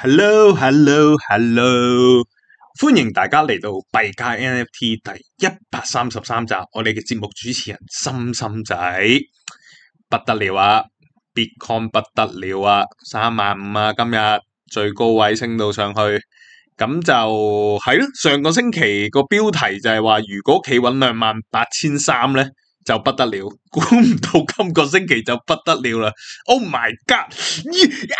Hello，Hello，Hello！Hello, hello. 歡迎大家嚟到幣加 NFT 第一百三十三集。我哋嘅節目主持人心心仔不得了啊！Bitcoin 不得了啊！三萬五啊！今日最高位升到上去，咁就係咯。上個星期個標題就係話如果企穩兩萬八千三咧，就不得了。估唔到今個星期就不得了啦！Oh my god！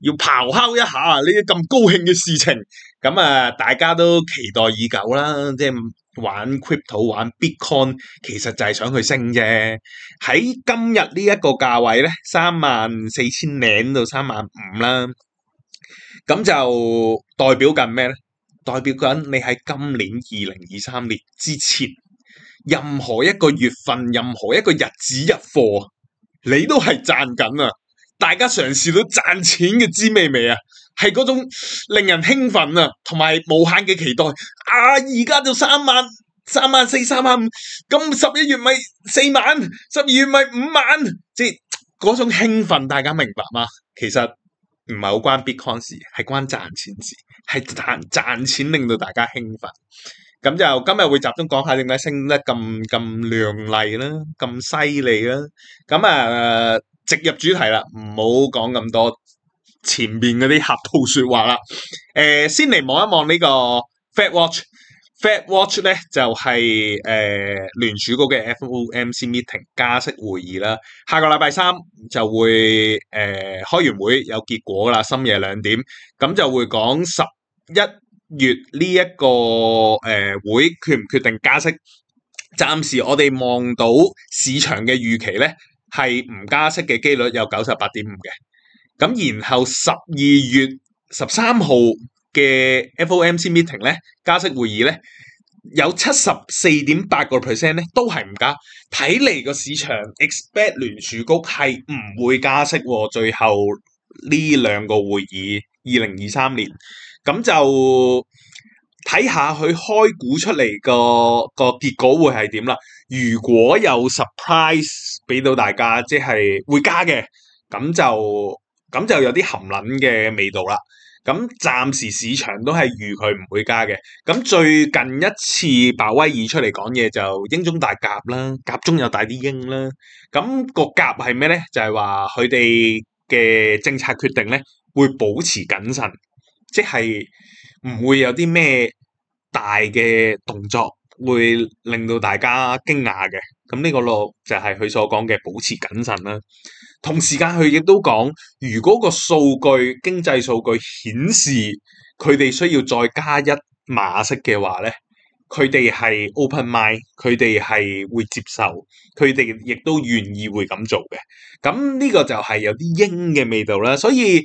要咆哮一下呢啲咁高興嘅事情，咁啊，大家都期待已久啦。即係玩 crypto、玩 Cry、玩 bitcoin，其實就係想佢升啫。喺今日呢一個價位咧，三萬四千零到三萬五啦，咁就代表緊咩咧？代表緊你喺今年二零二三年之前，任何一個月份，任何一個日子入貨，你都係賺緊啊！大家嘗試到賺錢嘅滋味未啊？係嗰種令人興奮啊，同埋無限嘅期待啊！而家就三萬、三萬四、三萬五，咁十一月咪四萬，十二月咪五萬，即係嗰種興奮，大家明白嗎？其實唔係好關 Bitcoin 事，係關賺錢事，係賺賺錢令到大家興奮。咁就今日會集中講下點解升得咁咁亮麗啦，咁犀利啦。咁啊～直入主題啦，唔好講咁多前面嗰啲客套説話啦。誒、呃，先嚟望一望呢個 Fed Watch。Fed Watch 就是呃、Fed Watch 咧就係誒聯儲局嘅 FOMC Meeting 加息會議啦。下個禮拜三就會誒、呃、開完會有結果啦，深夜兩點咁就會講十一月呢、這、一個誒、呃、會決唔決定加息。暫時我哋望到市場嘅預期咧。係唔加息嘅機率有九十八點五嘅，咁然後十二月十三號嘅 FOMC meeting 咧，加息會議咧，有七十四點八個 percent 咧都係唔加，睇嚟個市場 expect 聯儲局係唔會加息，最後呢兩個會議二零二三年，咁就睇下佢開估出嚟個個結果會係點啦。如果有 surprise 俾到大家，即係會加嘅，咁就咁就有啲含撚嘅味道啦。咁暫時市場都係預佢唔會加嘅。咁最近一次鮑威爾出嚟講嘢就鷹中大鴿啦，鴿中有大啲鷹啦。咁個鴿係咩咧？就係話佢哋嘅政策決定咧會保持謹慎，即係唔會有啲咩大嘅動作。會令到大家驚訝嘅，咁、這、呢個咯就係佢所講嘅保持謹慎啦。同時間佢亦都講，如果個數據經濟數據顯示佢哋需要再加一碼式嘅話咧，佢哋係 open mind，佢哋係會接受，佢哋亦都願意會咁做嘅。咁、這、呢個就係有啲鷹嘅味道啦。所以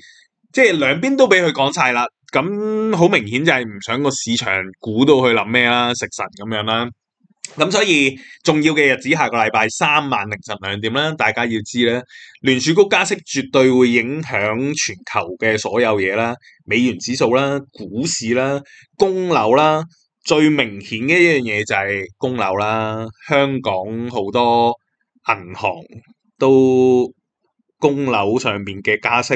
即係兩邊都俾佢講晒啦。咁好明顯就係唔想個市場估到去諗咩啦，食神咁樣啦。咁所以重要嘅日子下個禮拜三晚凌晨兩點啦，大家要知咧，聯儲局加息絕對會影響全球嘅所有嘢啦，美元指數啦、股市啦、供樓啦。最明顯嘅一樣嘢就係供樓啦，香港好多銀行都供樓上邊嘅加息。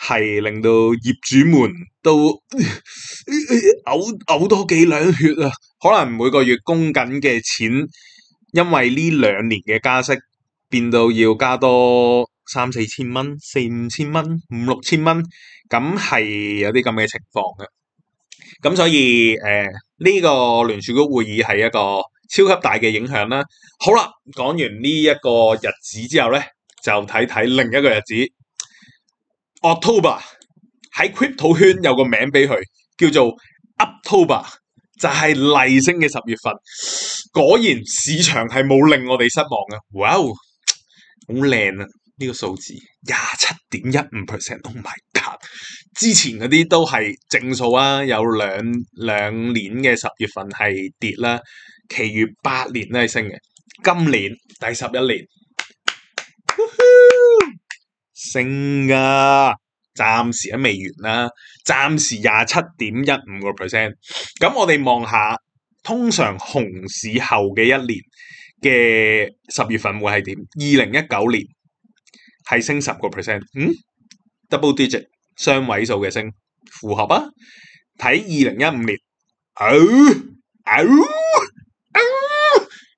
係令到業主們都嘔、呃、嘔、呃呃呃、多幾兩血啊！可能每個月供緊嘅錢，因為呢兩年嘅加息，變到要加多三四千蚊，四五千蚊，五六千蚊，咁係有啲咁嘅情況嘅。咁所以誒、呢、呃，呢個聯儲局會議係一個超級大嘅影響啦。好啦，講完呢一個日子之後咧，就睇睇另一個日子。October 喺 crypto 圈，有個名俾佢，叫做 Uptober，就係例升嘅十月份。果然市場係冇令我哋失望嘅，哇！好靚啊！呢、這個數字廿七點一五 percent，Oh my god！之前嗰啲都係正數啊，有兩兩年嘅十月份係跌啦，其餘八年都係升嘅，今年第十一年。升㗎、啊，暫時還未完啦，暫時廿七點一五個 percent。咁我哋望下，通常熊市後嘅一年嘅十月份會係點？二零一九年係升十個 percent，嗯，double digit 雙位數嘅升，符合啊。睇二零一五年，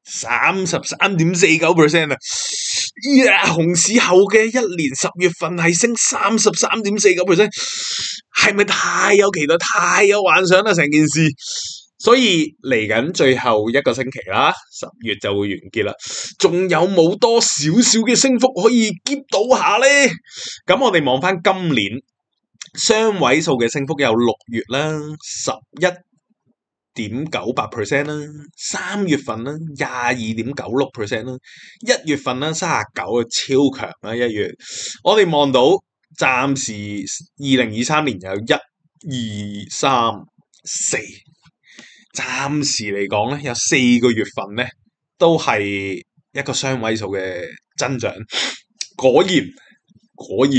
三十三點四九 percent 啊。呀！熊市、yeah, 後嘅一年十月份係升三十三點四個 percent，係咪太有期待、太有幻想啦？成件事，所以嚟緊最後一個星期啦，十月就會完結啦。仲有冇多少少嘅升幅可以 keep 到下呢？咁我哋望翻今年雙位數嘅升幅有六月啦，十一。點九八 percent 啦，三月份啦，廿二點九六 percent 啦，一月份啦，三十九啊，超強啦一月。我哋望到暫時二零二三年有一二三四，暫時嚟講咧，有四個月份咧都係一個雙位數嘅增長。果然果然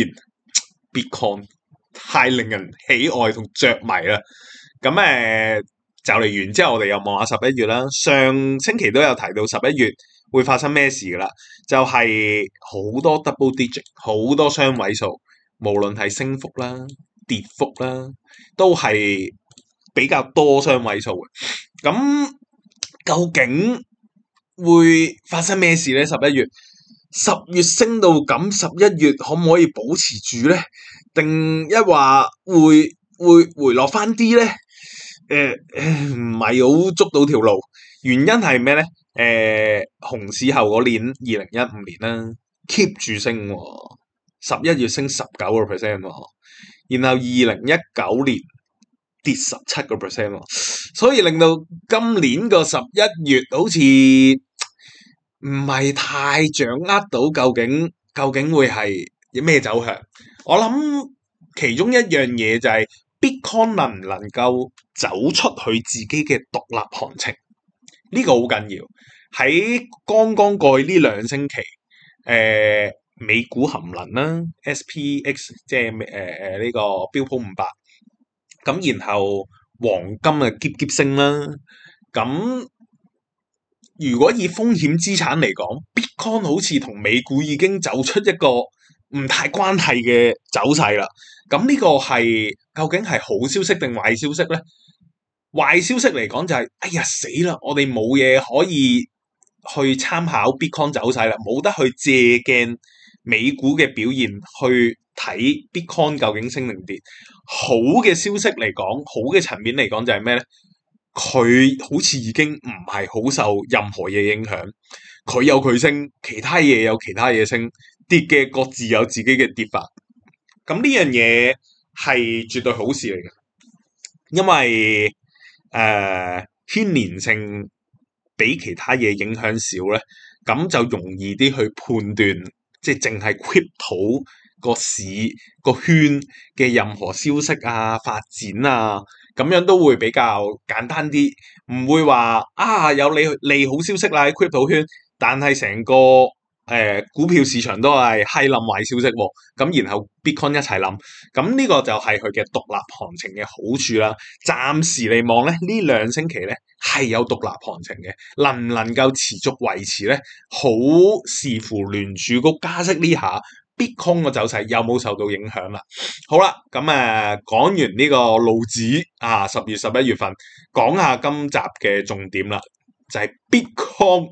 ，Bitcoin 太令人喜愛同着迷啦。咁誒。就嚟完之後，我哋又望下十一月啦。上星期都有提到十一月會發生咩事噶啦，就係好多 double digit，好多雙位數，無論係升幅啦、跌幅啦，都係比較多雙位數嘅。咁究竟會發生咩事咧？十一月十月升到咁，十一月可唔可以保持住咧？定一話會會回落翻啲咧？誒，唔係好捉到條路，原因係咩咧？誒、呃，熊市後嗰年二零一五年啦，keep 住升，十一月升十九個 percent，然後二零一九年跌十七個 percent，所以令到今年個十一月好似唔係太掌握到究竟究竟會係咩走向。我諗其中一樣嘢就係、是。Bitcoin 能唔能夠走出佢自己嘅獨立行情？呢、呢個好緊要。喺剛剛過去呢兩星期，誒、呃、美股含論啦，SPX 即係誒誒呢個標普五百，咁然後黃金啊急急升啦。咁如果以風險資產嚟講，Bitcoin 好似同美股已經走出一個唔太關係嘅走勢啦，咁呢個係究竟係好消息定壞消息咧？壞消息嚟講就係、是，哎呀死啦！我哋冇嘢可以去參考 Bitcoin 走勢啦，冇得去借鏡美股嘅表現去睇 Bitcoin 究竟升定跌。好嘅消息嚟講，好嘅層面嚟講就係咩咧？佢好似已經唔係好受任何嘢影響，佢有佢升，其他嘢有其他嘢升。嘅各自有自己嘅跌法，咁呢樣嘢係絕對好事嚟嘅，因為誒、呃、牽連性比其他嘢影響少咧，咁就容易啲去判斷，即係淨係 Crypto 個市個圈嘅任何消息啊發展啊，咁樣都會比較簡單啲，唔會話啊有利利好消息啦喺 Crypto 圈，但係成個。誒、呃，股票市場都係係冧壞消息，咁然後 Bitcoin 一齊冧，咁、這、呢個就係佢嘅獨立行情嘅好處啦。暫時嚟望咧，呢兩星期咧係有獨立行情嘅，能唔能夠持續維持咧，好視乎聯儲局加息呢下 Bitcoin 嘅走勢有冇受到影響啦。好啦，咁、嗯、誒講完呢個路指啊，十月、十一月份講下今集嘅重點啦，就係、是、Bitcoin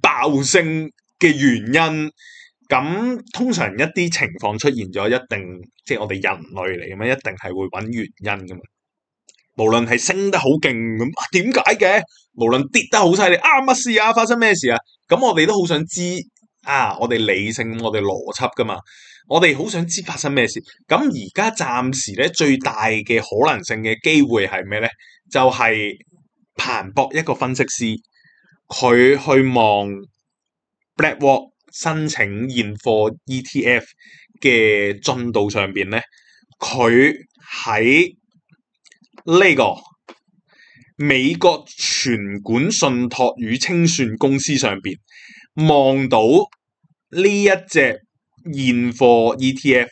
爆升。嘅原因，咁通常一啲情況出現咗，一定即係我哋人類嚟嘅咩，一定係會揾原因噶嘛。無論係升得好勁咁，點解嘅？無論跌得好犀利，啱、啊、乜事啊？發生咩事啊？咁我哋都好想知。啊，我哋理性，我哋邏輯噶嘛，我哋好想知發生咩事。咁而家暫時咧，最大嘅可能性嘅機會係咩咧？就係、是、彭博一個分析師，佢去望。BlackRock 申請現貨 ETF 嘅進度上邊咧，佢喺呢個美國全管信託與清算公司上邊望到呢一隻現貨 ETF，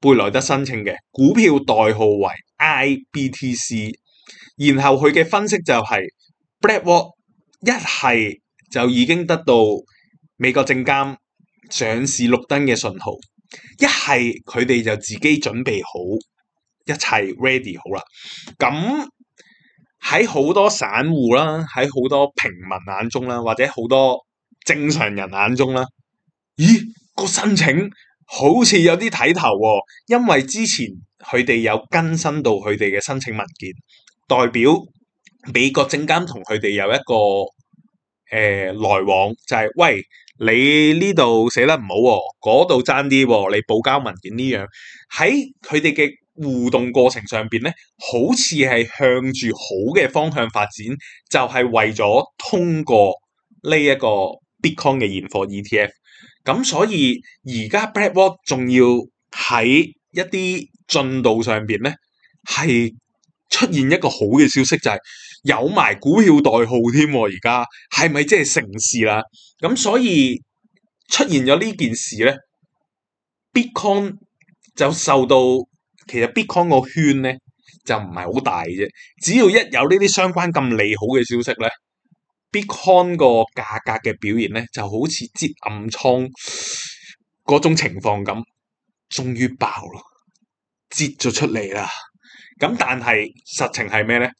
貝萊德申請嘅股票代號為 IBTC，然後佢嘅分析就係、是、BlackRock 一係。就已經得到美國證監上市綠燈嘅信號，一係佢哋就自己準備好一切 ready 好啦。咁喺好多散戶啦，喺好多平民眼中啦，或者好多正常人眼中啦，咦？個申請好似有啲睇頭喎，哦，因為之前佢哋有更新到佢哋嘅申請文件，代表美國證監同佢哋有一個。誒、呃，來往就係、是、喂，你呢度寫得唔好喎、啊，嗰度爭啲喎，你補交文件呢樣喺佢哋嘅互動過程上邊咧，好似係向住好嘅方向發展，就係、是、為咗通過呢一個 Bitcoin 嘅現貨 ETF。咁所以而家 BlackRock 仲要喺一啲進度上邊咧，係出現一個好嘅消息，就係、是。有埋股票代號添，而家係咪即係城市成事啦？咁所以出現咗呢件事咧，Bitcoin 就受到，其實 Bitcoin 個圈咧就唔係好大啫。只要一有呢啲相關咁利好嘅消息咧，Bitcoin 個價格嘅表現咧就好似接暗瘡嗰種情況咁，終於爆啦，接咗出嚟啦。咁但係實情係咩咧？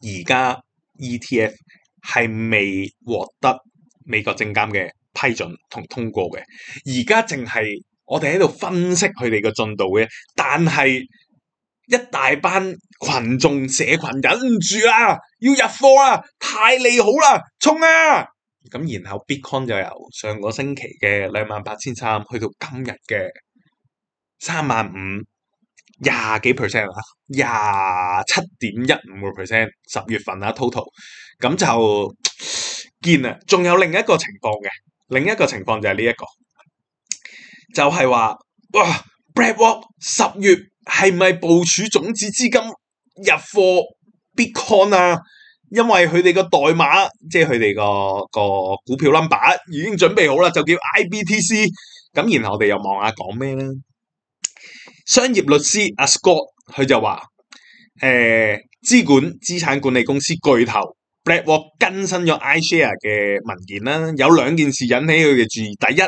而家 ETF 係未獲得美國證監嘅批准同通過嘅，而家淨係我哋喺度分析佢哋嘅進度嘅，但係一大班群眾社群忍唔住啦、啊，要入貨啦、啊，太利好啦，衝啊！咁然後 Bitcoin 就由上個星期嘅兩萬八千三，去到今日嘅三萬五。廿幾 percent 啊，廿七點一五個 percent，十月份啊 total，咁就見啊。仲有另一個情況嘅，另一個情況就係呢一個，就係話哇，BlackRock 十月係咪部署種子資金入貨 Bitcoin 啊？因為佢哋個代碼，即係佢哋個個股票 number 已經準備好啦，就叫 IBTC。咁然後我哋又望下講咩咧？商業律師阿 Scott 佢就話，誒、欸、資管資產管理公司巨頭 BlackRock 更新咗 iShare 嘅文件啦，有兩件事引起佢嘅注意。第一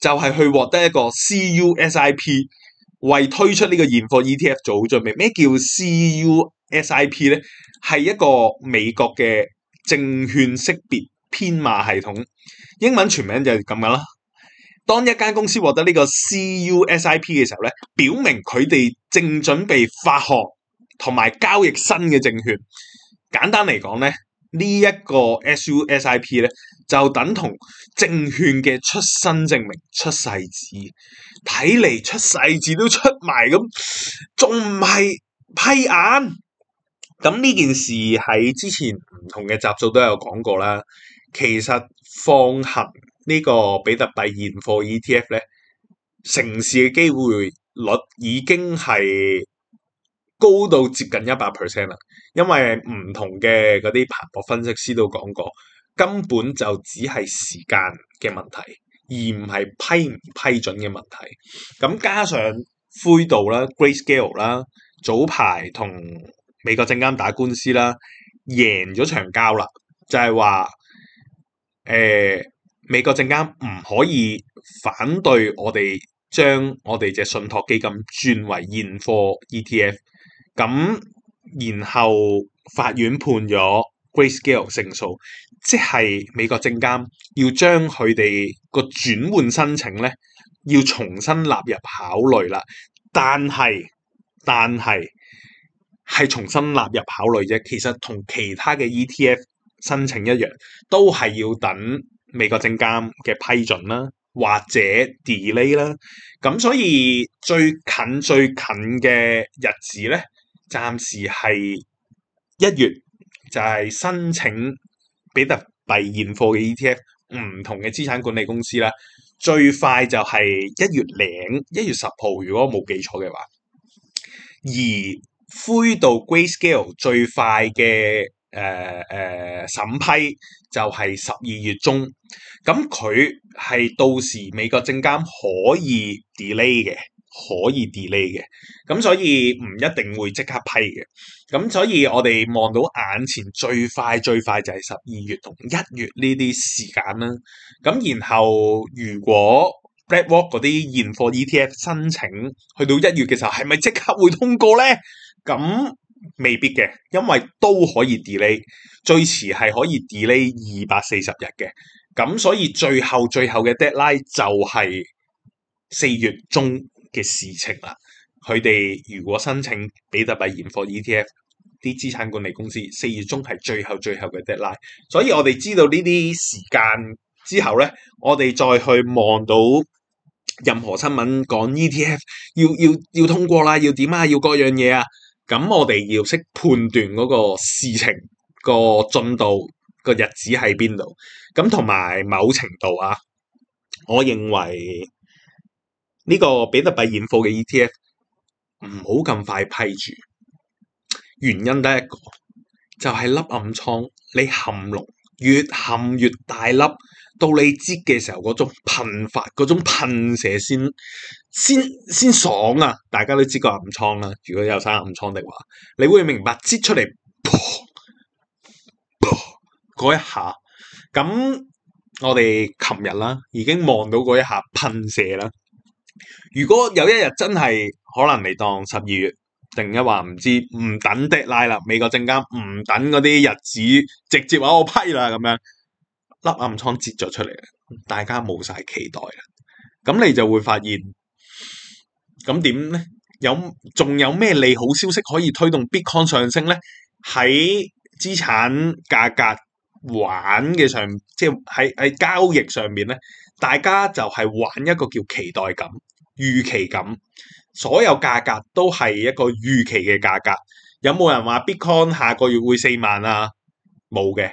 就係、是、去獲得一個 CUSIP，為推出呢個現貨 ETF 做好準備。咩叫 CUSIP 咧？係一個美國嘅證券識別編碼系統，英文全名就係咁樣啦。當一間公司獲得呢個 CUSIP 嘅時候咧，表明佢哋正準備發行同埋交易新嘅證券。簡單嚟講咧，呢、這、一個 CUSIP 咧就等同證券嘅出生證明、出世紙。睇嚟，出世紙都出埋咁，仲唔係批眼？咁呢件事喺之前唔同嘅集數都有講過啦。其實放行。呢個比特幣現貨 ETF 咧，成市嘅機會率已經係高到接近一百 percent 啦。因為唔同嘅嗰啲彭博分析師都講過，根本就只係時間嘅問題，而唔係批唔批准嘅問題。咁加上灰度啦、Grayscale 啦，早排同美國證監打官司啦，贏咗場交啦，就係話誒。呃美國證監唔可以反對我哋將我哋隻信託基金轉為現貨 ETF，咁然後法院判咗 Grayscale 勝訴，即係美國證監要將佢哋個轉換申請呢，要重新納入考慮啦。但係但係係重新納入考慮啫，其實同其他嘅 ETF 申請一樣，都係要等。美國證監嘅批准啦，或者 delay 啦，咁所以最近最近嘅日子咧，暫時係一月就係申請比特幣現貨嘅 ETF，唔同嘅資產管理公司啦，最快就係一月零一月十號，如果冇記錯嘅話，而灰度 Grayscale 最快嘅。誒誒，審、uh, uh, 批就係十二月中，咁佢係到時美國證監可以 delay 嘅，可以 delay 嘅，咁所以唔一定會即刻批嘅，咁所以我哋望到眼前最快最快就係十二月同一月呢啲時間啦，咁然後如果 BlackRock 嗰啲現貨 ETF 申請去到一月嘅時候，係咪即刻會通過咧？咁？未必嘅，因為都可以 delay，最遲係可以 delay 二百四十日嘅，咁所以最後最後嘅 deadline 就係四月中嘅事情啦。佢哋如果申請比特幣現貨 ETF，啲資產管理公司四月中係最後最後嘅 deadline，所以我哋知道呢啲時間之後咧，我哋再去望到任何新聞講 ETF 要要要通過啦，要點啊，要各樣嘢啊。咁我哋要識判斷嗰個事情、個進度、個日子喺邊度，咁同埋某程度啊，我認為呢個比特幣現貨嘅 ETF 唔好咁快批住，原因得一個就係、是、粒暗瘡你含龍越含越大粒。到你擠嘅時候，嗰種噴發、嗰種噴射先先先爽啊！大家都知個暗瘡啦，如果有生暗瘡的話，你會明白擠出嚟噗噗嗰一下。咁我哋琴日啦，已經望到嗰一下噴射啦。如果有一日真係可能，嚟當十二月定一話唔知唔等的拉啦，美國證監唔等嗰啲日子，直接話我批啦咁樣。粒暗瘡截咗出嚟，大家冇晒期待啦，咁你就會發現，咁點咧？有仲有咩利好消息可以推動 Bitcoin 上升咧？喺資產價格玩嘅上，即係喺喺交易上面咧，大家就係玩一個叫期待感、預期感，所有價格都係一個預期嘅價格。有冇人話 Bitcoin 下個月會四萬啊？冇嘅。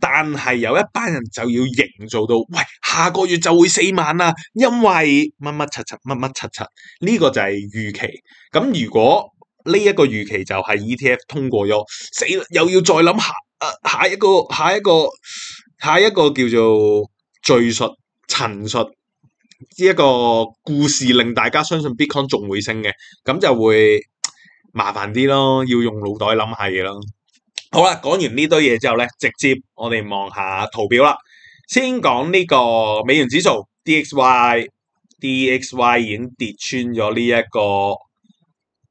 但係有一班人就要營造到，喂，下個月就會四萬啊！因為乜乜七七，乜乜七七，呢個就係預期。咁如果呢一個預期就係 ETF 通過咗，死又要再諗下、呃，下一個，下一個，下一個叫做敘述、陳述，呢一個故事令大家相信 Bitcoin 仲會升嘅，咁就會麻煩啲咯，要用腦袋諗下嘢咯。好啦，講完呢堆嘢之後咧，直接我哋望下圖表啦。先講呢個美元指數 DXY，DXY 已經跌穿咗呢一個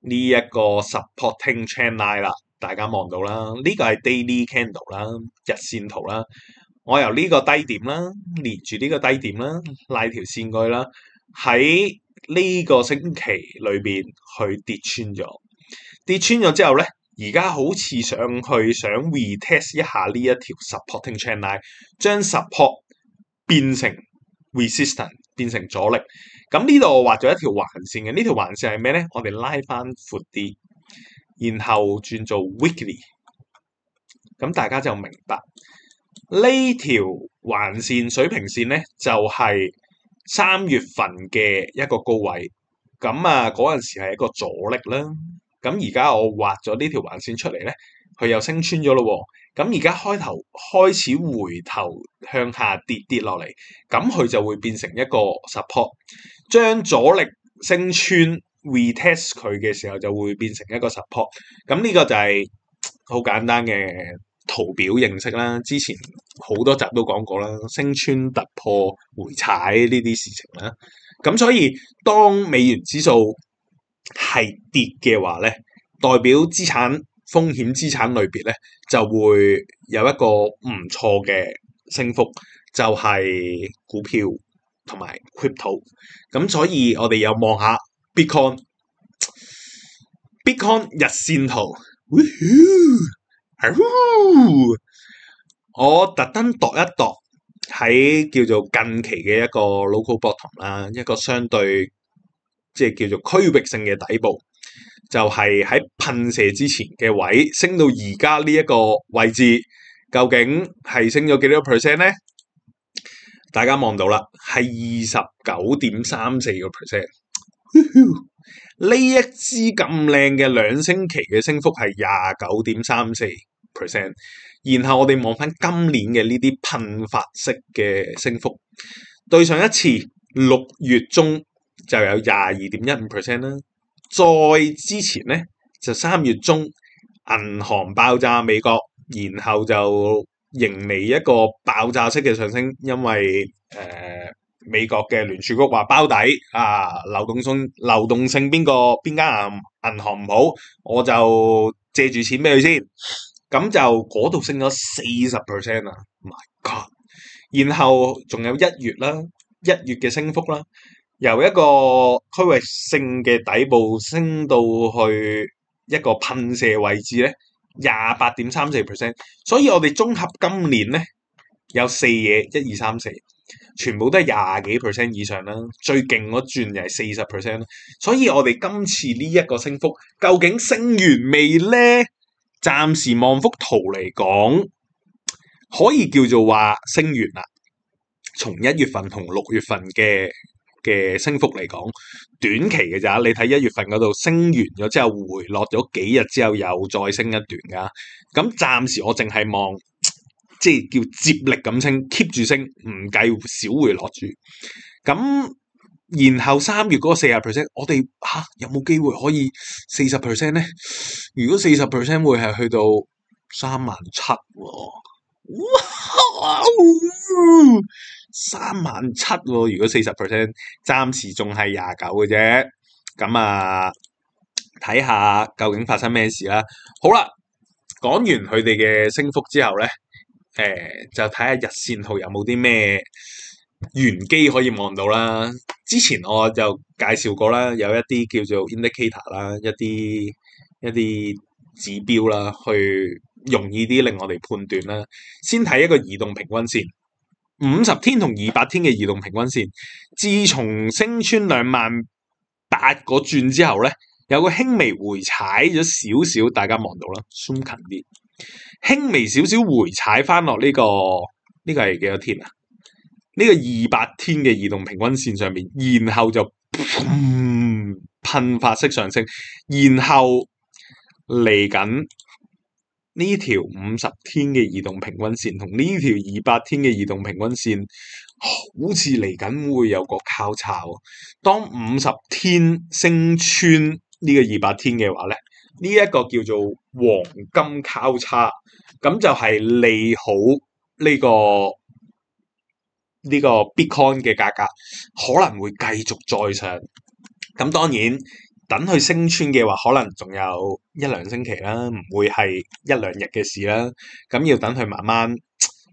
呢一個 supporting trend line 啦。大家望到啦，呢個係 daily candle 啦，日線圖啦。我由呢個低點啦，連住呢個低點啦，拉條線過去啦，喺呢個星期裏邊去跌穿咗，跌穿咗之後咧。而家好似上去想 retest 一下呢一條 supporting channel，將 support 變成 resistance，變成阻力。咁呢度我畫咗一條橫線嘅，呢條橫線係咩咧？我哋拉翻闊啲，然後轉做 weekly，咁大家就明白呢條橫線水平線咧，就係三月份嘅一個高位。咁啊，嗰陣時係一個阻力啦。咁而家我畫咗呢條橫線出嚟咧，佢又升穿咗咯喎。咁而家開頭開始回頭向下跌，跌落嚟，咁佢就會變成一個 support。將阻力升穿 retest 佢嘅時候，就會變成一個 support。咁呢個就係好簡單嘅圖表認識啦。之前好多集都講過啦，升穿突破回踩呢啲事情啦。咁所以當美元指數，係跌嘅話咧，代表資產風險資產類別咧就會有一個唔錯嘅升幅，就係股票同埋 crypto。咁所以我哋又望下 Bitcoin，Bitcoin 日線圖，嗚嗚嗚嗚我特登度一度喺叫做近期嘅一個 local bottom 啦，一個相對。即係叫做區域性嘅底部，就係喺噴射之前嘅位升到而家呢一個位置，究竟係升咗幾多 percent 咧？大家望到啦，係二十九點三四個 percent。呢一支咁靚嘅兩星期嘅升幅係廿九點三四 percent。然後我哋望翻今年嘅呢啲噴發式嘅升幅，對上一次六月中。就有廿二點一五 percent 啦。再之前咧，就三月中銀行爆炸美國，然後就迎嚟一個爆炸式嘅上升，因為誒、呃、美國嘅聯儲局話包底啊，流動性流動性邊個邊間銀銀行唔好，我就借住錢俾佢先。咁就嗰度升咗四十 percent 啊！My God！然後仲有一月啦，一月嘅升幅啦。由一個區域性嘅底部升到去一個噴射位置咧，廿八點三四 percent，所以我哋綜合今年咧有四嘢，一二三四，全部都係廿幾 percent 以上啦，最勁嗰轉就係四十 percent 啦，所以我哋今次呢一個升幅究竟升完未咧？暫時望幅圖嚟講，可以叫做話升完啦，從一月份同六月份嘅。嘅升幅嚟講，短期嘅咋？你睇一月份嗰度升完咗之後回落咗幾日之後又再升一段噶、啊。咁、嗯、暫時我淨係望，即係叫接力咁升，keep 住升，唔計小回落住。咁、嗯、然後三月嗰四十 percent，我哋吓、啊、有冇機會可以四十 percent 咧？如果四十 percent 會係去到三萬七喎。哇啊嗯三萬七喎，37, 如果四十 percent，暫時仲係廿九嘅啫。咁啊，睇下究竟發生咩事啦。好啦，講完佢哋嘅升幅之後咧，誒、呃，就睇下日線圖有冇啲咩玄機可以望到啦。之前我就介紹過啦，有一啲叫做 indicator 啦，一啲一啲指標啦，去容易啲令我哋判斷啦。先睇一個移動平均線。五十天同二百天嘅移動平均線，自從升穿兩萬八個轉之後咧，有個輕微回踩咗少少，大家望到啦，Zoom 近啲，輕微少少回踩翻落呢個呢、這個係幾多天啊？呢、這個二百天嘅移動平均線上面，然後就噴發式上升，然後嚟緊。呢條五十天嘅移動平均線同呢條二百天嘅移動平均線，好似嚟緊會有個交叉。當五十天升穿呢個二百天嘅話咧，呢一個叫做黃金交叉，咁就係利好呢個呢個 Bitcoin 嘅價格，可能會繼續再上。咁當然。等佢升穿嘅話，可能仲有一兩星期啦，唔會係一兩日嘅事啦。咁要等佢慢慢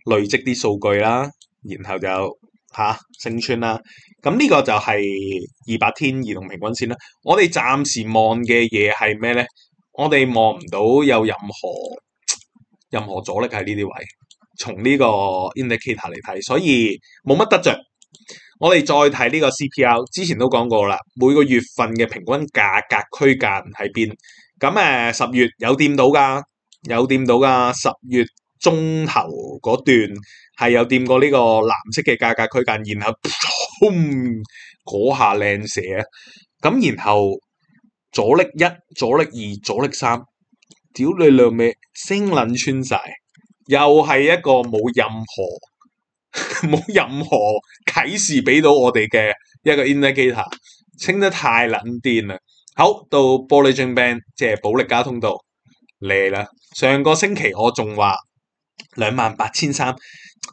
累積啲數據啦，然後就吓、啊、升穿啦。咁、嗯、呢、呢個就係二百天移動平均線啦。我哋暫時望嘅嘢係咩咧？我哋望唔到有任何任何阻力喺呢啲位，從呢個 indicator 嚟睇，所以冇乜得着。我哋再睇呢個 CPR，之前都講過啦，每個月份嘅平均價格區間喺邊。咁誒，十月有掂到噶，有掂到噶。十月中頭嗰段係有掂過呢個藍色嘅價格區間，然後 boom 嗰下靚射，咁然後阻力一、阻力二、阻力三，屌你兩尾升撚穿晒，又係一個冇任何。冇 任何啟示俾到我哋嘅一個 indicator，清得太撚癲啦！好到 Bollinger Band，即係保力加通道，嚟啦！上個星期我仲話兩萬八千三，28, 300，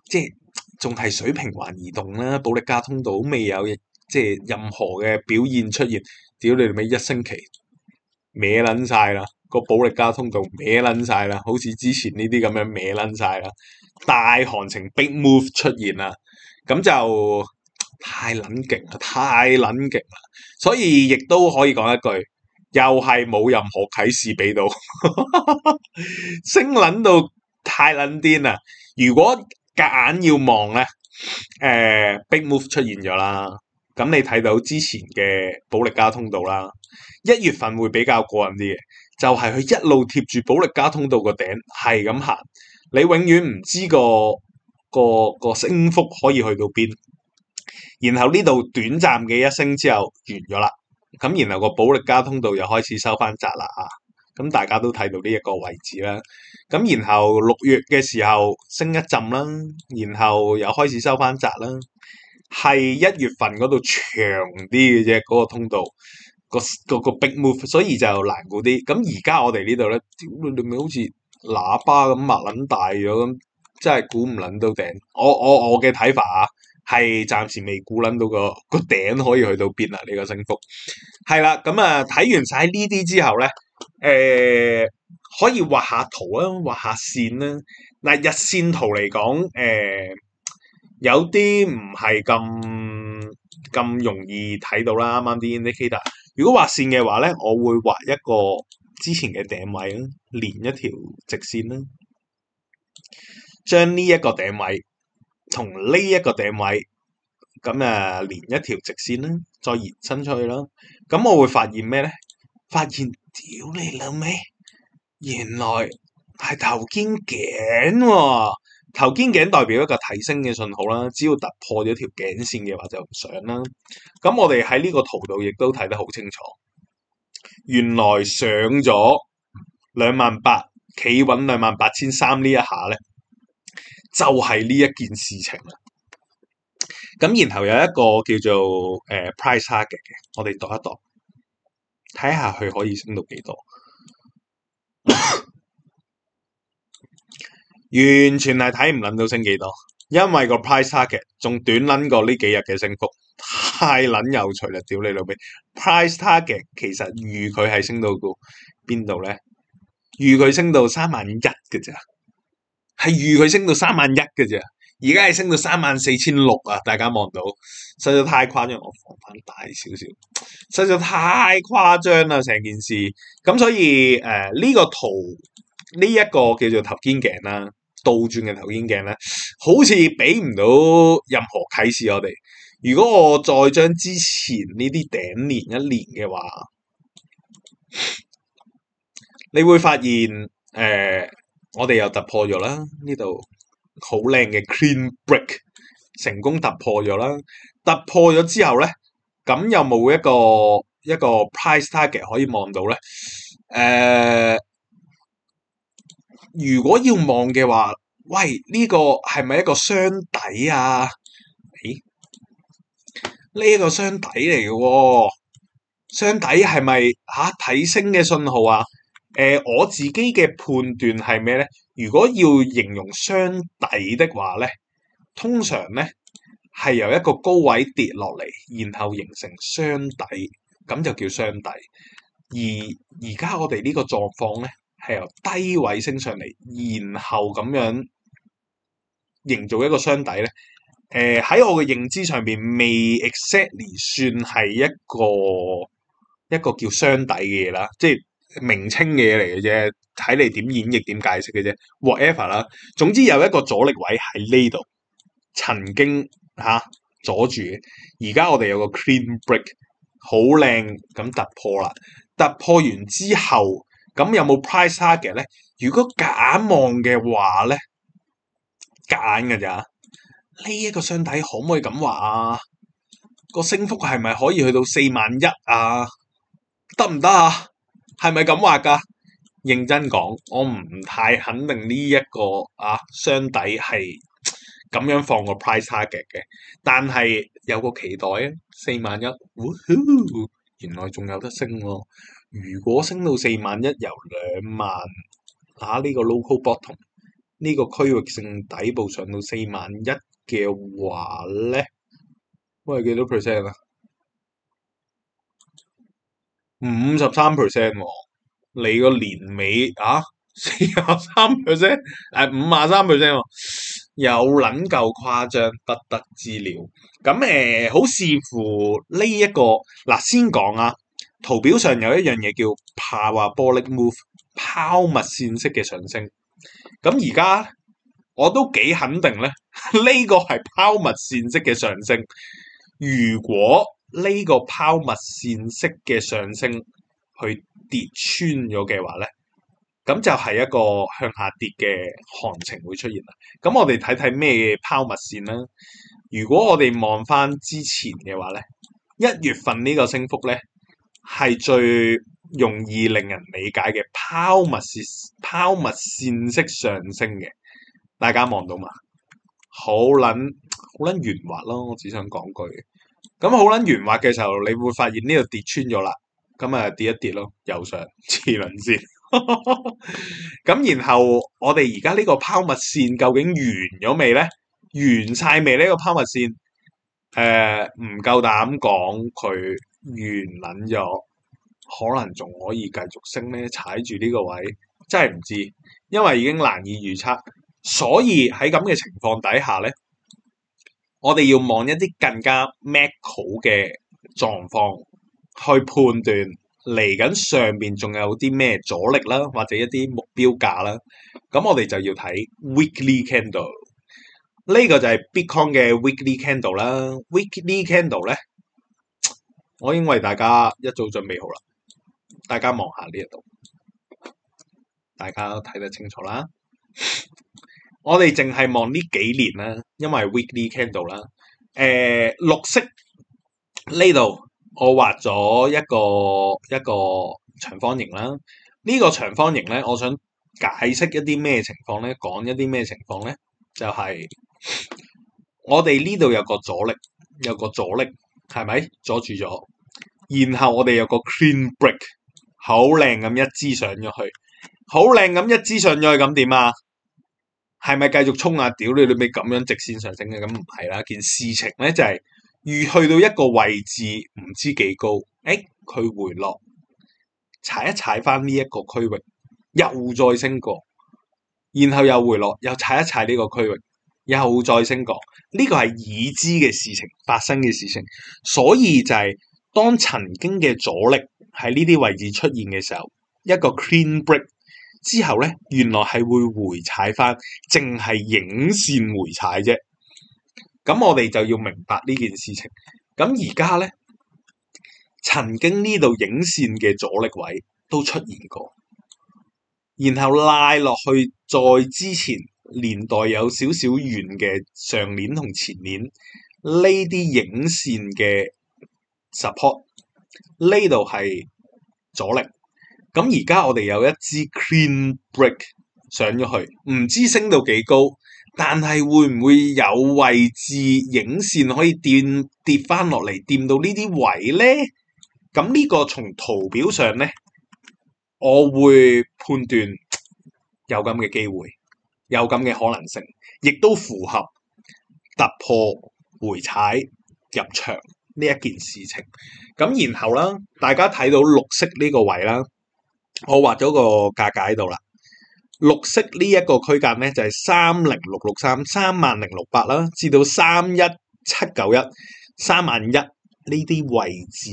即係仲係水平橫移動啦。保力加通道未有即係任何嘅表現出現，屌你哋咪一星期歪撚晒啦！個保力加通道歪撚晒啦，好似之前呢啲咁樣歪撚晒啦。大行情 big move 出現啦，咁就太撚勁啦，太撚勁啦，所以亦都可以講一句，又係冇任何啟示俾到， 升撚到太撚癲啦！如果夾硬要望咧，誒、呃、big move 出現咗啦，咁你睇到之前嘅保力加通道啦，一月份會比較過癮啲嘅，就係、是、佢一路貼住保力加通道個頂係咁行。你永遠唔知個個個升幅可以去到邊，然後呢度短暫嘅一升之後完咗啦，咁然後個保力加通道又開始收翻窄啦啊！咁大家都睇到呢一個位置啦，咁然後六月嘅時候升一浸啦，然後又開始收翻窄啦，係一月份嗰度長啲嘅啫，嗰、嗰個通道、嗰個、嗰個 big move，所以就難估啲。咁而家我哋呢度咧，屌你好似～喇叭咁擘撚大咗咁，真係估唔捻到頂。我我我嘅睇法啊，係暫時未估捻到個個頂可以去到邊啦。你個升幅係啦，咁啊睇完晒呢啲之後咧，誒、呃、可以畫下圖啊，畫下線啦、啊。嗱，日線圖嚟講，誒、呃、有啲唔係咁咁容易睇到啦。啱啱啲 indicator，如果畫線嘅話咧，我會畫一個。之前嘅頂位啦，連一條直線啦，將呢一個頂位同呢一個頂位咁啊連一條直線啦，再延伸出去啦，咁我會發現咩咧？發現屌你老味，原來係頭肩頸喎，啊，頭肩頸代表一個提升嘅信號啦，只要突破咗條頸線嘅話就上啦。咁我哋喺呢個圖度亦都睇得好清楚。原來上咗兩萬八，企穩兩萬八千三呢一下咧，就係呢一件事情。咁然後有一個叫做誒、呃、price target 嘅，我哋度一度睇下佢可以升到幾多。 完全係睇唔捻到升幾多，因為個 price target 仲短捻過呢幾日嘅升幅。太撚有趣啦！屌你老味，price target 其實預佢係升到邊度咧？預佢升到三萬一嘅咋？係預佢升到三萬一嘅啫。而家係升到三萬四千六啊！大家望到，實在太誇張，我放翻大少少，實在太誇張啦！成件事咁，所以誒呢、呃這個圖呢一、這個叫做頭肩頸啦，倒轉嘅頭肩頸咧，好似俾唔到任何啟示我哋。如果我再將之前呢啲頂連一連嘅話，你會發現誒、呃，我哋又突破咗啦，呢度好靚嘅 clean break，成功突破咗啦。突破咗之後咧，咁有冇一個一個 price target 可以望到咧？誒、呃，如果要望嘅話，喂，呢、這個係咪一個雙底啊？呢一個雙底嚟嘅喎，雙底係咪吓睇升嘅信號啊？誒、呃，我自己嘅判斷係咩呢？如果要形容雙底的話呢，通常呢係由一個高位跌落嚟，然後形成雙底，咁就叫雙底。而而家我哋呢個狀況呢，係由低位升上嚟，然後咁樣營造一個雙底呢。誒喺、呃、我嘅認知上邊，未 exactly 算係一個一個叫雙底嘅嘢啦，即係名稱嘅嘢嚟嘅啫，睇你點演繹、點解釋嘅啫，whatever 啦。總之有一個阻力位喺呢度，曾經嚇阻住。而家我哋有個 clean break，好靚咁突破啦。突破完之後，咁有冇 price target 咧？如果隔眼望嘅話咧，隔眼咋？呢一個箱底可唔可以咁話啊？個升幅係咪可以去到四萬一啊？得唔得啊？係咪咁話噶？認真講，我唔太肯定呢一個啊箱底係咁樣放個 price target 嘅，但係有個期待啊，四萬一，原來仲有得升喎，啊！如果升到四萬一由兩萬、啊，啊、這、呢個 local bottom 呢個區域性底部上到四萬一。嘅話咧，喂，幾多 percent、哦、啊？五十三 percent 喎，你個年尾啊，四十三 percent，誒五廿三 percent 喎，有、哦、撚夠誇張不得之了。咁誒、呃，好視乎呢、這、一個嗱、呃，先講啊，圖表上有一樣嘢叫 parabolic move 拋物線式嘅上升，咁而家。我都幾肯定咧，呢個係拋物線式嘅上升。如果呢個拋物線式嘅上升去跌穿咗嘅話咧，咁就係一個向下跌嘅行情會出現啦。咁我哋睇睇咩拋物線啦。如果我哋望翻之前嘅話咧，一月份呢個升幅咧係最容易令人理解嘅拋物，物線拋物線式上升嘅。大家望到嘛？好捻好捻圓滑咯，我只想講句。咁好捻圓滑嘅時候，你會發現呢度跌穿咗啦。咁啊跌一跌咯，右上次輪先。咁 然後我哋而家呢個拋物線究竟圓咗未咧？圓晒未呢個拋物線？誒、呃，唔夠膽講佢圓捻咗，可能仲可以繼續升咧。踩住呢個位，真係唔知，因為已經難以預測。所以喺咁嘅情況底下咧，我哋要望一啲更加 m 咩好嘅狀況去判斷嚟緊上邊仲有啲咩阻力啦，或者一啲目標價啦。咁我哋就要睇 weekly candle，呢、這個就係 bitcoin 嘅 weekly candle 啦。weekly candle 咧，我已為大家一早準備好啦，大家望下呢一度，大家都睇得清楚啦。我哋淨係望呢幾年啦，因為 weekly candle 啦。誒綠色呢度我畫咗一個一個長方形啦。呢個長方形咧，我想解釋一啲咩情況咧，講一啲咩情況咧，就係我哋呢度有個阻力，有個阻力係咪？阻住咗，然後我哋有個 clean break，好靚咁一支上咗去，好靚咁一支上咗去，咁點啊？係咪繼續衝啊屌？屌你，你咪咁樣直線上升嘅，咁唔係啦，件事情咧就係越去到一個位置唔知幾高，誒佢回落，踩一踩翻呢一個區域又再升過，然後又回落又踩一踩呢個區域又再升過，呢、呢個係已知嘅事情，發生嘅事情，所以就係、係、當曾經嘅阻力喺呢啲位置出現嘅時候，一個 clean break。之後咧，原來係會回踩翻，淨係影線回踩啫。咁我哋就要明白呢件事情。咁而家咧，曾經呢度影線嘅阻力位都出現過，然後拉落去再之前年代有少少遠嘅上年同前年呢啲影線嘅 support 呢度係阻力。咁而家我哋有一支 clean break 上咗去，唔知升到幾高，但係會唔會有位置影線可以掂跌翻落嚟，掂到呢啲位咧？咁、這、呢個從圖表上咧，我會判斷有咁嘅機會，有咁嘅可能性，亦都符合突破回踩入場呢一件事情。咁然後啦，大家睇到綠色呢個位啦。我畫咗個價格喺度啦，綠色區間呢一個區間咧就係三零六六三三萬零六百啦，至到三一七九一三萬一呢啲位置。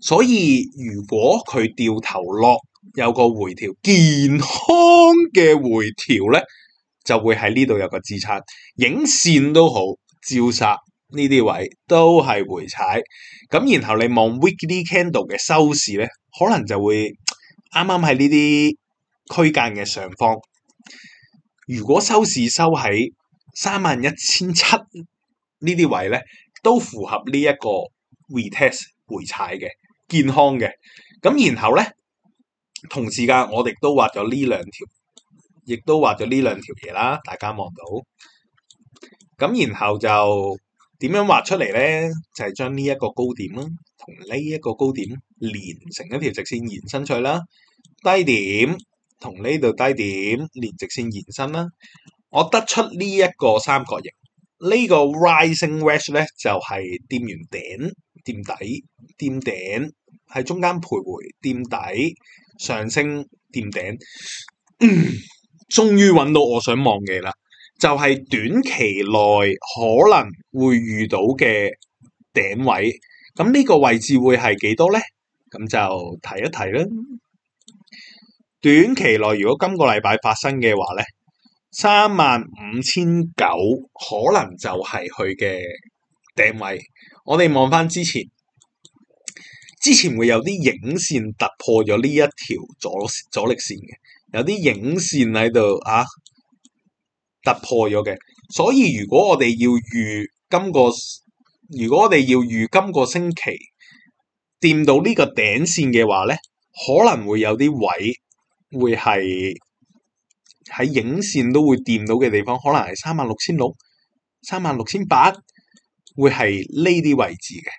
所以如果佢掉頭落有個回調，健康嘅回調咧，就會喺呢度有個支撐。影線都好，照殺呢啲位都係回踩。咁然後你望 weekly candle 嘅收市咧，可能就會。啱啱喺呢啲區間嘅上方，如果收市收喺三萬一千七呢啲位咧，都符合呢一個 retest 回踩嘅健康嘅，咁然後咧，同時間我哋都畫咗呢兩條，亦都畫咗呢兩條嘢啦，大家望到，咁然後就。點樣畫出嚟呢？就係、是、將呢一個高點啦，同呢一個高點連成一條直線延伸出去啦。低點同呢度低點連直線延伸啦。我得出呢一個三角形，這個、呢個 rising wedge 呢就係、是、掂完頂、掂底、掂頂，喺中間徘徊、掂底、上升、掂頂、嗯，終於揾到我想望嘅啦。就係短期內可能會遇到嘅頂位，咁呢個位置會係幾多呢？咁就睇一睇啦。短期內如果今個禮拜發生嘅話，呢三萬五千九可能就係佢嘅頂位。我哋望翻之前，之前會有啲影線突破咗呢一條阻阻力線嘅，有啲影線喺度啊。突破咗嘅，所以如果我哋要預今個，如果我哋要預今個星期掂到呢個頂線嘅話咧，可能會有啲位會係喺影線都會掂到嘅地方，可能係三萬六千六、三萬六千八，會係呢啲位置嘅。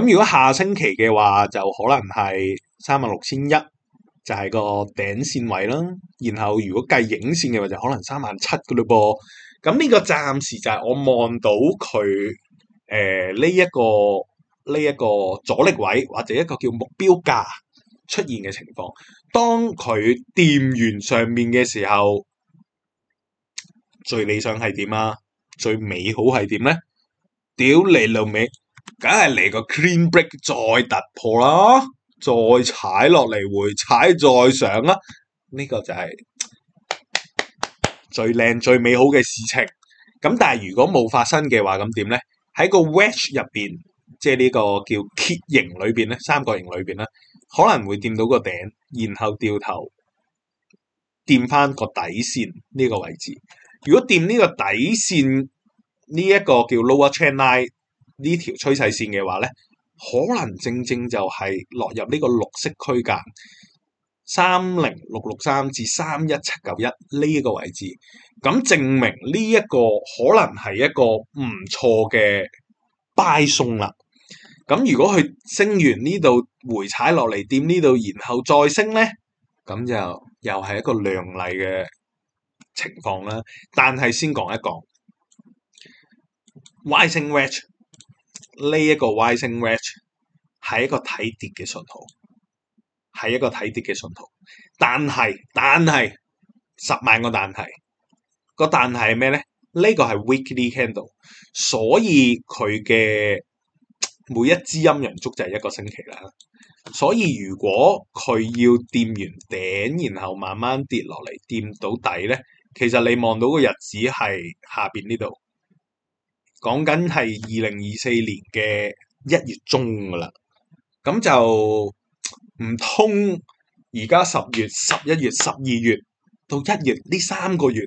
咁如果下星期嘅話，就可能係三萬六千一。就係個頂線位啦，然後如果計影線嘅話就可能三萬七噶咯噃。咁、嗯、呢、這個暫時就係我望到佢誒呢一個呢一、這個阻力位或者一個叫目標價出現嘅情況，當佢掂完上面嘅時候，最理想係點啊？最美好係點咧？屌你老味，梗係嚟個 clean break 再突破啦！再踩落嚟，回踩再上啦，呢個就係最靚最美好嘅事情。咁但係如果冇發生嘅話，咁點咧？喺個 wedge 入邊，即係呢個叫楔形裏邊咧，三角形裏邊咧，可能會掂到個頂，然後掉頭掂翻個底線呢個位置。如果掂呢個底線呢一個叫 lower trend line 呢條趨勢線嘅話咧？可能正正就係落入呢個綠色區間，三零六六三至三一七九一呢一個位置，咁證明呢一個可能係一個唔錯嘅 buy 送啦。咁如果佢升完呢度回踩落嚟掂呢度，然後再升咧，咁就又係一個亮麗嘅情況啦。但係先講一講 rising wedge。呢一個 rising wedge 係一個睇跌嘅信號，係一個睇跌嘅信號，但係但係十萬個但係、個但係係咩咧？呢、這個係 weekly candle，所以佢嘅每一支陰陽燭就係一個星期啦。所以如果佢要掂完頂，然後慢慢跌落嚟，掂到底咧，其實你望到個日子係下邊呢度。講緊係二零二四年嘅一月中噶啦，咁就唔通而家十月、十一月、十二月到一月呢三個月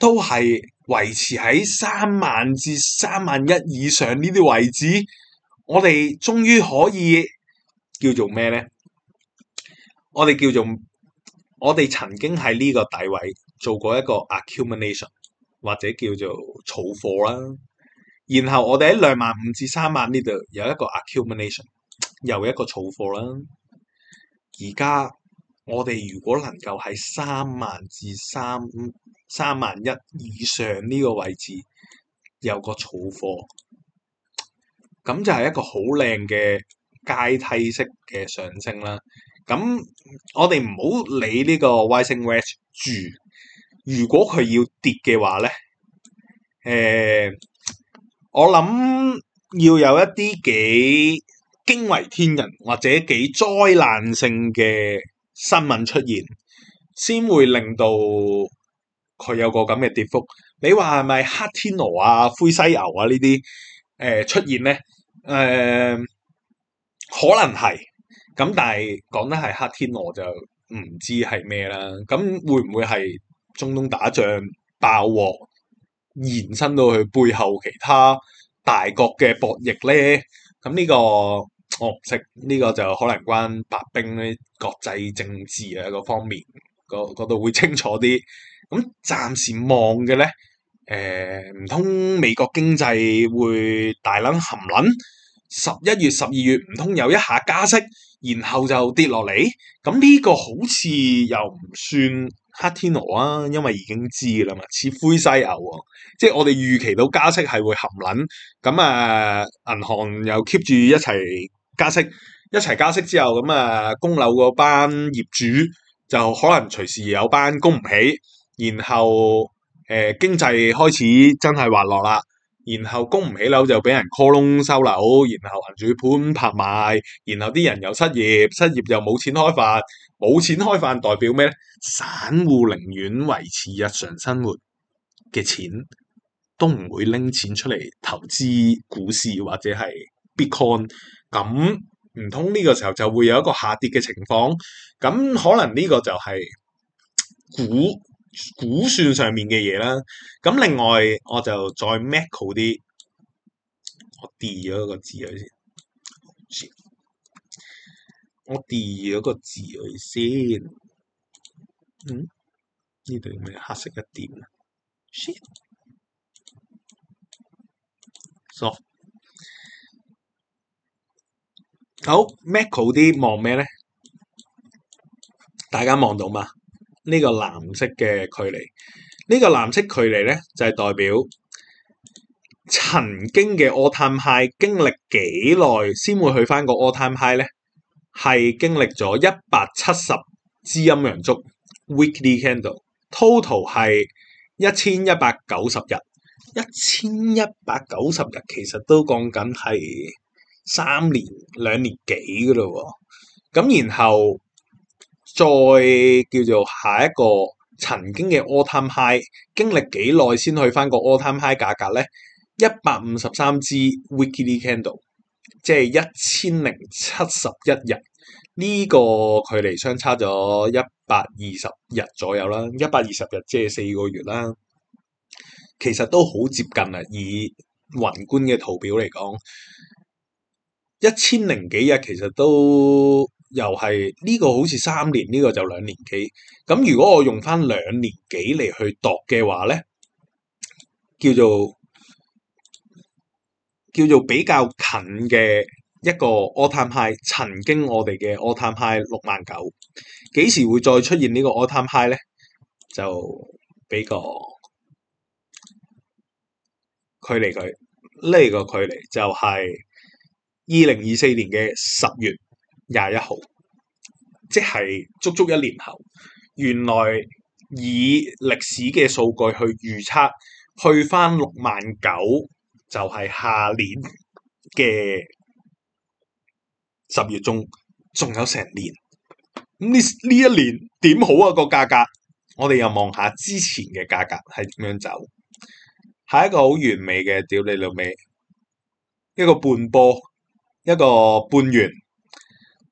都係維持喺三萬至三萬一以上呢啲位置，我哋終於可以叫做咩咧？我哋叫做我哋曾經喺呢個底位做過一個 accumulation。或者叫做儲貨啦，然後我哋喺兩萬五至三萬呢度有一個 accumulation，又一個儲貨啦。而家我哋如果能夠喺三萬至三三萬一以上呢個位置有個儲貨，咁就係一個好靚嘅階梯式嘅上升啦。咁我哋唔好理呢個 rising wedge 住。如果佢要跌嘅話咧，誒、呃，我諗要有一啲幾驚為天人或者幾災難性嘅新聞出現，先會令到佢有個咁嘅跌幅。你話係咪黑天鵝啊、灰犀牛啊呢啲誒出現咧？誒、呃，可能係，咁但係講得係黑天鵝就唔知係咩啦。咁會唔會係？中東打仗爆鑊，延伸到佢背後其他大國嘅博弈咧。咁呢個我唔識，呢個就可能關白兵呢國際政治嘅、啊、嗰方面，個嗰度會清楚啲。咁暫時望嘅咧，誒唔通美國經濟會大撚含撚？十一月、十二月唔通有一下加息？然後就跌落嚟，咁呢個好似又唔算黑天鵝啊，因為已經知啦嘛，似灰犀牛喎、啊，即係我哋預期到加息係會含撚，咁、嗯、啊銀行又 keep 住一齊加息，一齊加息之後，咁、嗯、啊供樓嗰班業主就可能隨時有班供唔起，然後誒、呃、經濟開始真係滑落啦。然後供唔起樓就俾人 call 窿收樓，然後行住盤拍賣，然後啲人又失業，失業又冇錢開飯，冇錢開飯代表咩咧？散戶寧願維持日常生活嘅錢，都唔會拎錢出嚟投資股市或者係 bitcoin。咁唔通呢個時候就會有一個下跌嘅情況。咁可能呢個就係、是、股。估算上面嘅嘢啦，咁另外我就再 Mac 好啲，我 delete 咗一個字去先，我 delete 咗一個字去先，嗯，呢度有咩黑色一點，shit, so，好 Mac 好啲望咩咧？大家望到嘛？呢個藍色嘅距離，呢、這個藍色距離咧就係、是、代表曾經嘅 all time high 經歷幾耐先會去翻個 all time high 咧，係經歷咗一百七十支陰陽燭。weekly candle total 係一千一百九十日，一千一百九十日其實都講緊係三年兩年幾嘅咯，咁然後。再叫做下一個曾經嘅 All Time High，經歷幾耐先去翻個 All Time High 價格呢？一百五十三支 Weekly Candle，即係一千零七十一日，呢、這個距離相差咗一百二十日左右啦，一百二十日即係四個月啦。其實都好接近啦，以宏觀嘅圖表嚟講，一千零幾日其實都。又係呢、這個好似三年，呢、這個就兩年幾，咁如果我用翻兩年幾嚟去度嘅話咧，叫做叫做比較近嘅一個 all-time high。曾經我哋嘅 all-time high 六萬九，幾時會再出現個呢個 all-time high 咧？就比個距離佢呢、這個距離就係二零二四年嘅十月。廿一號，即係足足一年後，原來以歷史嘅數據去預測，去翻六萬九就係下年嘅十月中，仲有成年。咁呢呢一年點好啊？個價格，我哋又望下之前嘅價格係點樣走，係一個好完美嘅屌你老味，一個半波，一個半圓。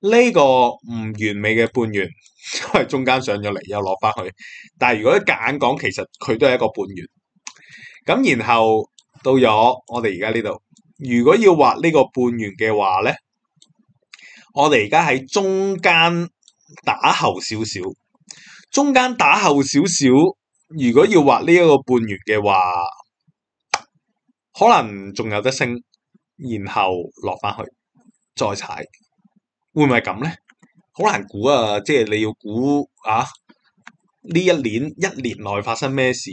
呢個唔完美嘅半圓，因 為中間上咗嚟又落翻去。但係如果一夾硬講，其實佢都係一個半圓。咁然後到咗我哋而家呢度，如果要畫呢個半圓嘅話咧，我哋而家喺中間打後少少，中間打後少少。如果要畫呢一個半圓嘅話，可能仲有得升，然後落翻去再踩。會唔會咁咧？好難估啊！即係你要估啊，呢一年一年內發生咩事？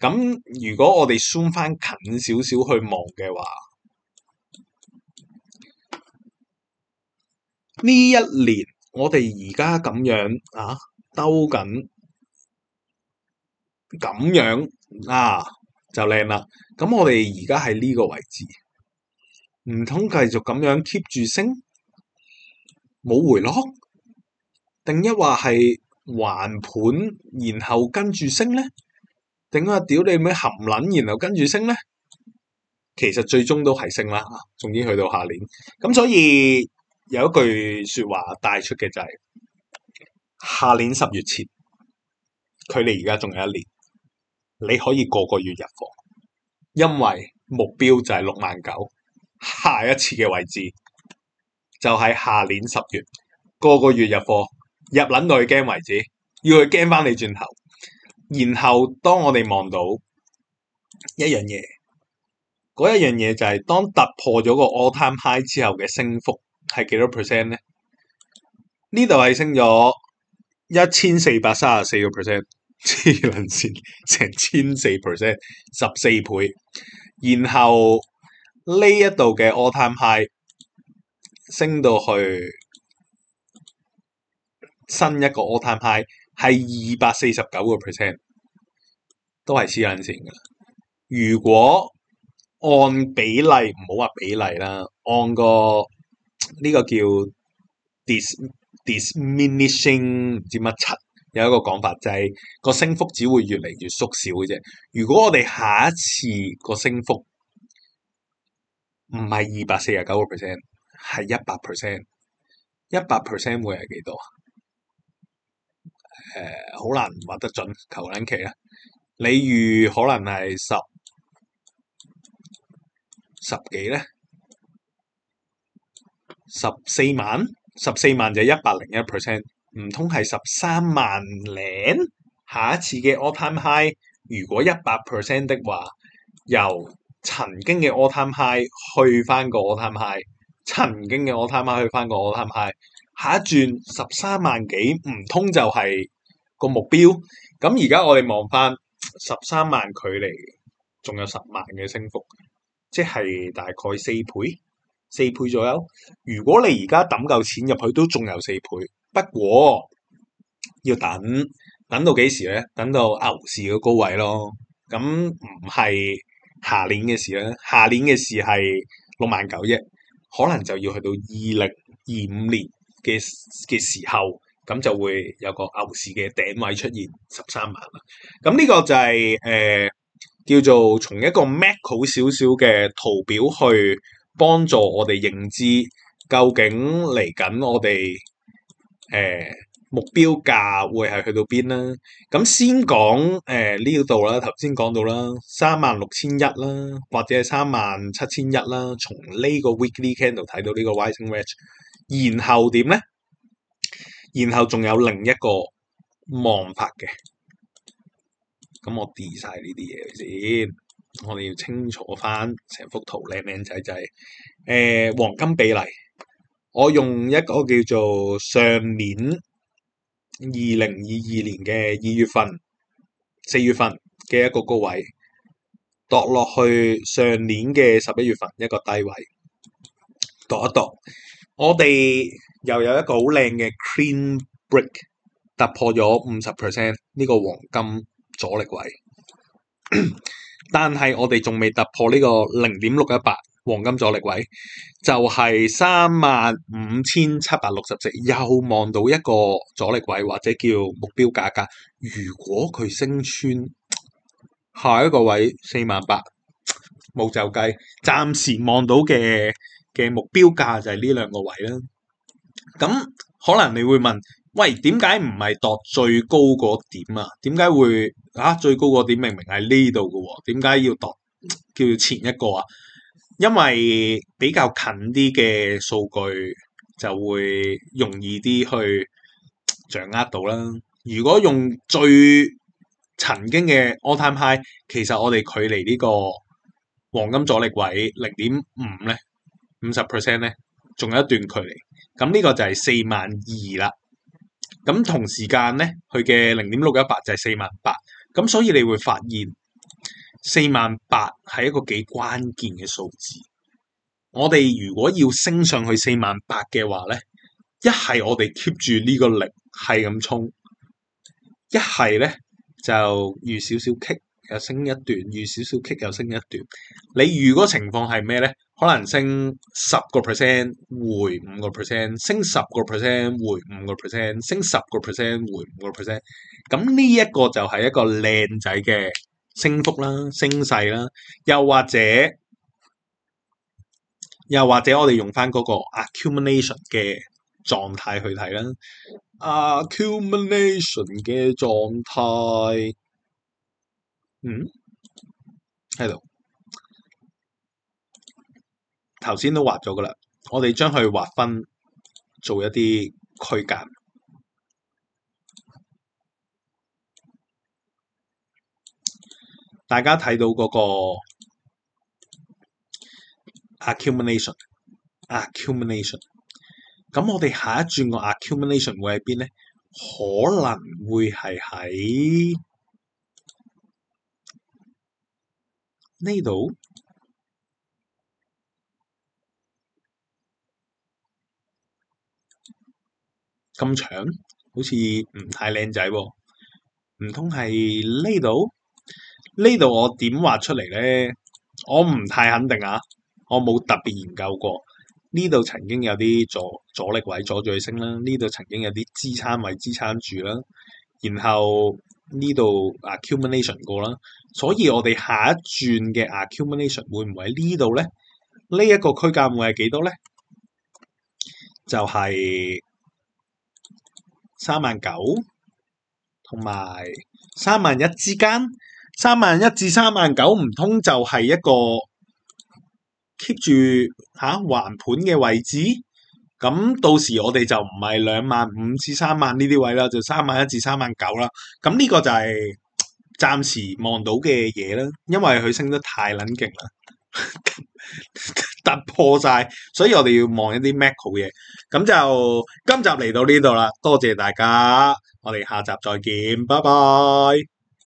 咁如果我哋 zoom 返近少少去望嘅話，呢一年我哋而家咁樣啊，兜緊咁樣啊就靚啦。咁我哋而家喺呢個位置，唔通繼續咁樣 keep 住升？冇回落，定一話係橫盤，然後跟住升呢？定一話屌你咪含撚，然後跟住升呢？其實最終都係升啦，總之去到下年。咁所以有一句說話帶出嘅就係、是：下年十月前，佢哋而家仲有一年，你可以個個月入貨，因為目標就係六萬九，下一次嘅位置。就喺下年十月，個個月入貨，入撚到佢驚為止，要佢驚翻你轉頭。然後當我哋望到一樣嘢，嗰一樣嘢就係當突破咗個 all time high 之後嘅升幅係幾多 percent 咧？呢度係升咗一千四百三十四個 percent，黐撚線成千四 percent，十四倍。然後呢一度嘅 all time high。升到去新一個 all-time high 係二百四十九個 percent，都係黐緊線嘅。如果按比例唔好話比例啦，按個呢、這個叫 dis diminishing 唔知乜七有一個講法就係、是、個升幅只會越嚟越縮小嘅啫。如果我哋下一次個升幅唔係二百四十九個 percent。係一百 percent，一百 percent 會係幾多？誒、呃，好難話得準，求其啦。你預可能係十十幾咧，十四萬十四萬就一百零一 percent，唔通係十三萬零？下一次嘅 all time high 如果一百 percent 嘅話，由曾經嘅 all time high 去返個 all time high。曾經嘅 All Time High，去翻個 All Time High，下一轉十三萬幾？唔通就係個目標？咁而家我哋望翻十三萬距離，仲有十萬嘅升幅，即係大概四倍，四倍左右。如果你而家抌夠錢入去，都仲有四倍。不過要等等到幾時咧？等到牛市嘅高位咯。咁唔係下年嘅事咧，下年嘅事係六萬九億。可能就要去到二零二五年嘅嘅時候，咁就會有個牛市嘅頂位出現十三萬啦。咁呢個就係、是、誒、呃、叫做從一個 Mac 好少少嘅圖表去幫助我哋認知究竟嚟緊我哋誒。呃目標價會係去到邊、呃、啦？咁先講誒呢度啦，頭先講到啦，三萬六千一啦，或者係三萬七千一啦。從呢個 weekly candle 睇到呢個 rising wedge，然後點咧？然後仲有另一個望法嘅，咁我 del 晒呢啲嘢先。我哋要清楚翻成幅圖靚靚仔仔誒、呃、黃金比例，我用一個叫做上面。二零二二年嘅二月份、四月份嘅一個高位，度落去上年嘅十一月份一個低位，度一度。我哋又有一個好靚嘅 clean break，突破咗五十 percent 呢個黃金阻力位，但係我哋仲未突破呢個零點六一八。黃金阻力位就係三萬五千七百六十四，又望到一個阻力位或者叫目標價格。如果佢升穿下一個位四萬八，冇就計。暫時望到嘅嘅目標價就係呢兩個位啦。咁可能你會問：喂，點解唔係度最高個點啊？點解會啊？最高個點明明係呢度㗎喎，點解要度？叫前一個啊？因為比較近啲嘅數據就會容易啲去掌握到啦。如果用最曾經嘅 all time high，其實我哋距離呢個黃金阻力位零點五咧，五十 percent 咧，仲有一段距離。咁呢個就係四萬二啦。咁同時間咧，佢嘅零點六一八就係四萬八。咁所以你會發現。四萬八係一個幾關鍵嘅數字，我哋如果要升上去四萬八嘅話咧，一係我哋 keep 住呢個力係咁衝，一係咧就遇少少棘，又升一段；遇少少棘又升一段。你如果情況係咩咧？可能升十個 percent 回五個 percent，升十個 percent 回五個 percent，升十個 percent 回五個 percent。咁呢一個就係一個靚仔嘅。升幅啦、升勢啦，又或者又或者，我哋用翻嗰個 accumulation 嘅狀態去睇啦。accumulation、啊、嘅狀態，嗯，喺度。頭先都劃咗㗎喇，我哋將佢劃分做一啲區間。大家睇到嗰個 accumulation，accumulation，咁我哋下一轉個 accumulation 會喺邊咧？可能會係喺呢度，咁長，好似唔太靚仔喎，唔通係呢度？呢度我點畫出嚟咧？我唔太肯定啊！我冇特別研究過。呢度曾經有啲阻阻力位阻住佢升啦，呢度曾經有啲支撐位支撐住啦。然後呢度 accumulation 過啦，所以我哋下一轉嘅 accumulation 會唔會喺呢度咧？這個、區呢一個區間會係幾多咧？就係三萬九同埋三萬一之間。三萬一至三萬九唔通就係一個 keep 住吓橫盤嘅位置，咁到時我哋就唔係兩萬五至三萬呢啲位啦，就三萬一至三萬九啦。咁呢個就係、是、暫時望到嘅嘢啦，因為佢升得太撚勁啦， 突破晒，所以我哋要望一啲 make 好嘢。咁就今集嚟到呢度啦，多謝大家，我哋下集再見，拜拜。